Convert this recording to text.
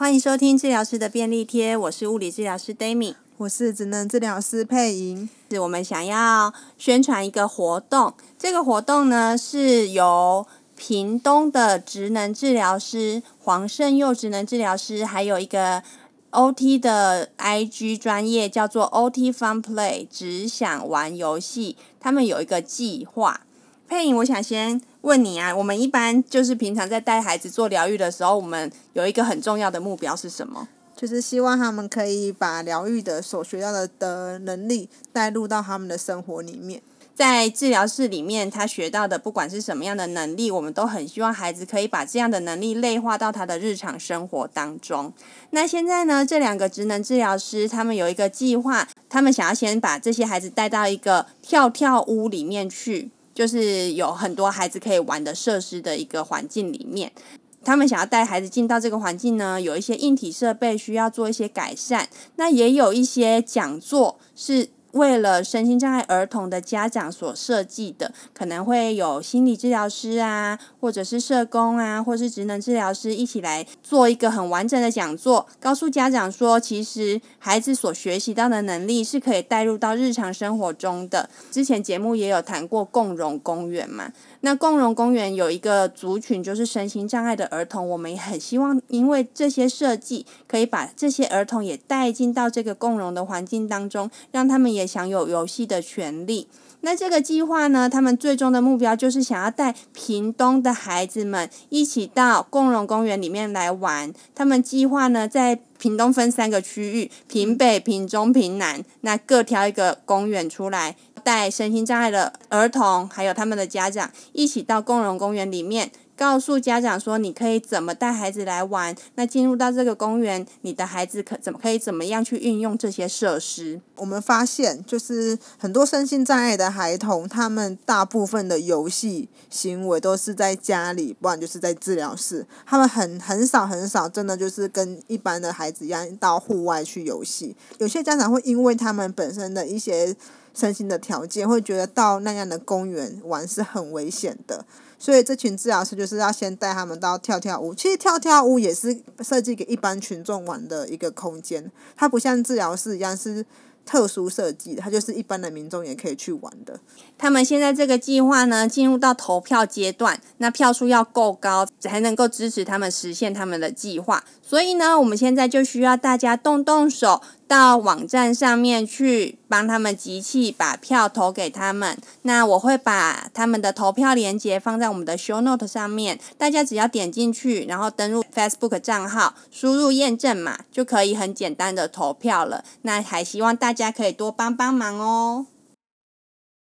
歡迎收聽治療師的便利貼，我是物理治療師 Dami，我是職能治療師佩瑩，是我們想要宣傳一個活動，這個活動呢是由屏東的職能治療師黃勝佑、職能治療師，還有一個 OT 的 IG 專業叫做 OT Fun Play，只想玩遊戲。他們有一個計劃。佩穎，我想先問你啊，我們一般就是平常在帶孩子做療育的時候，我們有一個很重要的目標是什麼？就是希望他們可以把療育的所學到的的能力帶入到他們的生活裡面。在治療室裡面，他學到的不管是什麼樣的能力，我們都很希望孩子可以把這樣的能力內化到他的日常生活當中。那現在呢，這兩個職能治療師他們有一個計劃，他們想要先把這些孩子帶到一個跳跳屋裡面去。就是有很多孩子可以玩的設施的一個環境裡面，他們想要帶孩子進到這個環境呢，有一些硬體設備需要做一些改善，那也有一些講座是。為了身心障礙兒童的家長所設計的，可能會有心理治療師啊，或者是社工啊，或是職能治療師一起來做一個很完整的講座，告訴家長說，其實孩子所學習到的能力是可以帶入到日常生活中的。之前節目也有談過共融公園嘛，那共融公園有一個族群就是身心障礙的兒童，我們也很希望，因為這些設計可以把這些兒童也帶進到這個共融的環境當中，讓他們也。也享有遊戲的權利。那這個計劃呢，他們最終的目標就是想要帶屏東的孩子們一起到共榮公園裡面來玩。他們計劃呢，在屏東分三個區域：屏北、屏中、屏南，那各挑一個公園出來，帶身心障礙的兒童還有他們的家長一起到共榮公園裡面。告訴家長說，你可以怎麼帶孩子來玩？那進入到這個公園，你的孩子可怎麼可以怎麼樣去運用這些設施？我們發現，就是很多身心障礙的孩童，他們大部分的遊戲行為都是在家裡，不然就是在治療室。他們很很少很少，很少真的就是跟一般的孩子一樣到戶外去遊戲。有些家長會因為他們本身的一些。身心的條件，會覺得到那樣的公園玩是很危險的，所以這群治療師就是要先帶他們到跳跳屋。其實跳跳屋也是設計給一般群眾玩的一個空間，它不像治療室一樣是特殊設計的，它就是一般的民眾也可以去玩的。他們現在這個計劃呢，進入到投票階段，那票數要夠高才能夠支持他們實現他們的計劃。所以呢，我們現在就需要大家動動手。到網站上面去幫他們集氣，把票投給他們。那我會把他們的投票連結放在我們的 Show Note 上面，大家只要點進去，然後登入 Facebook 賬號，輸入驗證碼，就可以很簡單的投票了。那還希望大家可以多幫幫忙哦。